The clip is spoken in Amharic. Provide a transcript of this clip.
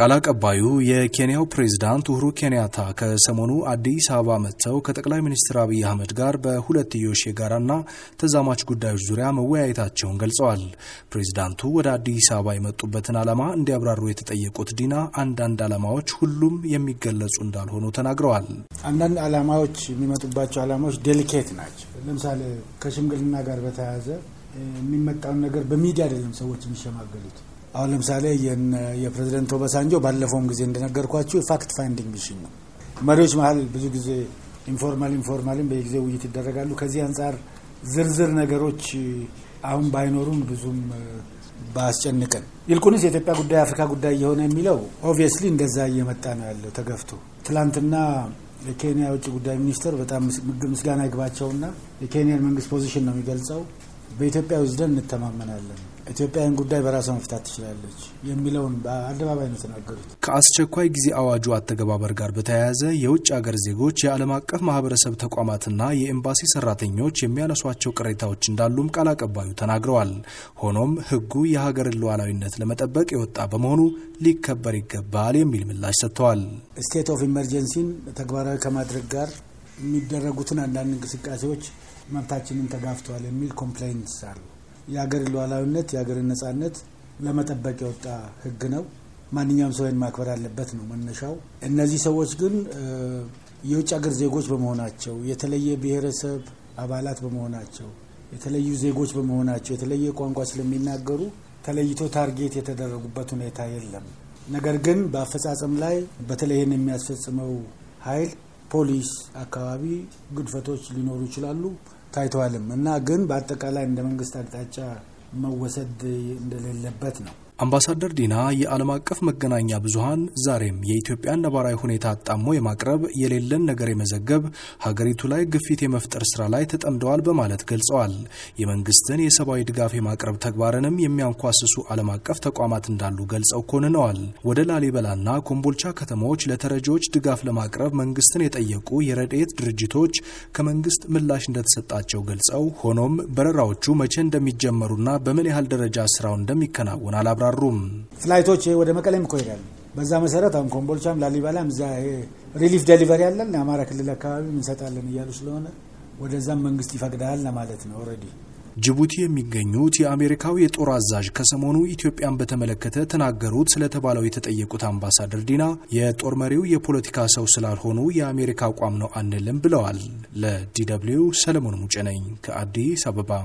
ቃል አቀባዩ የኬንያው ፕሬዝዳንት ኡሁሩ ኬንያታ ከሰሞኑ አዲስ አበባ መጥተው ከጠቅላይ ሚኒስትር አብይ አህመድ ጋር በሁለትዮሽ የጋራና ተዛማች ጉዳዮች ዙሪያ መወያየታቸውን ገልጸዋል። ፕሬዝዳንቱ ወደ አዲስ አበባ የመጡበትን ዓላማ እንዲያብራሩ የተጠየቁት ዲና አንዳንድ ዓላማዎች ሁሉም የሚገለጹ እንዳልሆኑ ተናግረዋል። አንዳንድ ዓላማዎች የሚመጡባቸው ዓላማዎች ዴሊኬት ናቸው። ለምሳሌ ከሽምግልና ጋር በተያያዘ የሚመጣውን ነገር በሚዲያ አይደለም ሰዎች የሚሸማገሉት። አሁን ለምሳሌ የፕሬዚደንት ኦባሳንጆ ባለፈውም ጊዜ እንደነገርኳቸው የፋክት ፋይንዲንግ ሚሽን ነው። መሪዎች መሀል ብዙ ጊዜ ኢንፎርማል ኢንፎርማልም በየጊዜ ውይይት ይደረጋሉ። ከዚህ አንጻር ዝርዝር ነገሮች አሁን ባይኖሩም ብዙም ባያስጨንቀን ይልቁንስ የኢትዮጵያ ጉዳይ አፍሪካ ጉዳይ እየሆነ የሚለው ኦብቪየስሊ እንደዛ እየመጣ ነው ያለው ተገፍቶ። ትላንትና የኬንያ የውጭ ጉዳይ ሚኒስትር በጣም ምስጋና ይግባቸውና የኬንያን መንግስት ፖዚሽን ነው የሚገልጸው በኢትዮጵያ ውዝደን እንተማመናለን ኢትዮጵያን ጉዳይ በራሷ መፍታት ትችላለች የሚለውን በአደባባይ ነው ተናገሩት። ከአስቸኳይ ጊዜ አዋጁ አተገባበር ጋር በተያያዘ የውጭ አገር ዜጎች የዓለም አቀፍ ማህበረሰብ ተቋማትና የኤምባሲ ሰራተኞች የሚያነሷቸው ቅሬታዎች እንዳሉም ቃል አቀባዩ ተናግረዋል። ሆኖም ህጉ የሀገርን ሉዓላዊነት ለመጠበቅ የወጣ በመሆኑ ሊከበር ይገባል የሚል ምላሽ ሰጥተዋል። ስቴት ኦፍ ኢመርጀንሲን ተግባራዊ ከማድረግ ጋር የሚደረጉትን አንዳንድ እንቅስቃሴዎች መብታችንን ተጋፍተዋል የሚል ኮምፕላይንትስ አሉ። የሀገር ሉዓላዊነት የሀገርን ነጻነት ለመጠበቅ የወጣ ህግ ነው። ማንኛውም ሰውን ማክበር አለበት ነው መነሻው። እነዚህ ሰዎች ግን የውጭ ሀገር ዜጎች በመሆናቸው የተለየ ብሔረሰብ አባላት በመሆናቸው የተለዩ ዜጎች በመሆናቸው የተለየ ቋንቋ ስለሚናገሩ ተለይቶ ታርጌት የተደረጉበት ሁኔታ የለም። ነገር ግን በአፈጻጸም ላይ በተለይን የሚያስፈጽመው ኃይል ፖሊስ አካባቢ ግድፈቶች ሊኖሩ ይችላሉ ታይተዋልም እና ግን በአጠቃላይ እንደ መንግስት አቅጣጫ መወሰድ እንደሌለበት ነው አምባሳደር ዲና የዓለም አቀፍ መገናኛ ብዙሀን ዛሬም የኢትዮጵያን ነባራዊ ሁኔታ አጣሞ የማቅረብ የሌለን ነገር የመዘገብ ሀገሪቱ ላይ ግፊት የመፍጠር ስራ ላይ ተጠምደዋል በማለት ገልጸዋል። የመንግስትን የሰብአዊ ድጋፍ የማቅረብ ተግባርንም የሚያንኳስሱ ዓለም አቀፍ ተቋማት እንዳሉ ገልጸው ኮንነዋል። ወደ ላሊበላና ኮምቦልቻ ከተሞች ለተረጂዎች ድጋፍ ለማቅረብ መንግስትን የጠየቁ የረድኤት ድርጅቶች ከመንግስት ምላሽ እንደተሰጣቸው ገልጸው ሆኖም በረራዎቹ መቼ እንደሚጀመሩና በምን ያህል ደረጃ ስራው እንደሚከናወን አላብራ አብራሩ። ፍላይቶች ወደ መቀሌም እኮ ይሄዳሉ። በዛ መሰረት አሁን ኮምቦልቻም ላሊበላም እዛ ሪሊፍ ደሊቨሪ ያለን የአማራ ክልል አካባቢ እንሰጣለን እያሉ ስለሆነ ወደዛም መንግስት ይፈቅዳል ለማለት ነው ኦልሬዲ ጅቡቲ የሚገኙት የአሜሪካው የጦር አዛዥ ከሰሞኑ ኢትዮጵያን በተመለከተ ተናገሩት ስለተባለው የተጠየቁት አምባሳደር ዲና የጦር መሪው የፖለቲካ ሰው ስላልሆኑ የአሜሪካ አቋም ነው አንልም ብለዋል። ለዲ ሰለሞን ሙጬ ነኝ ከአዲስ አበባ።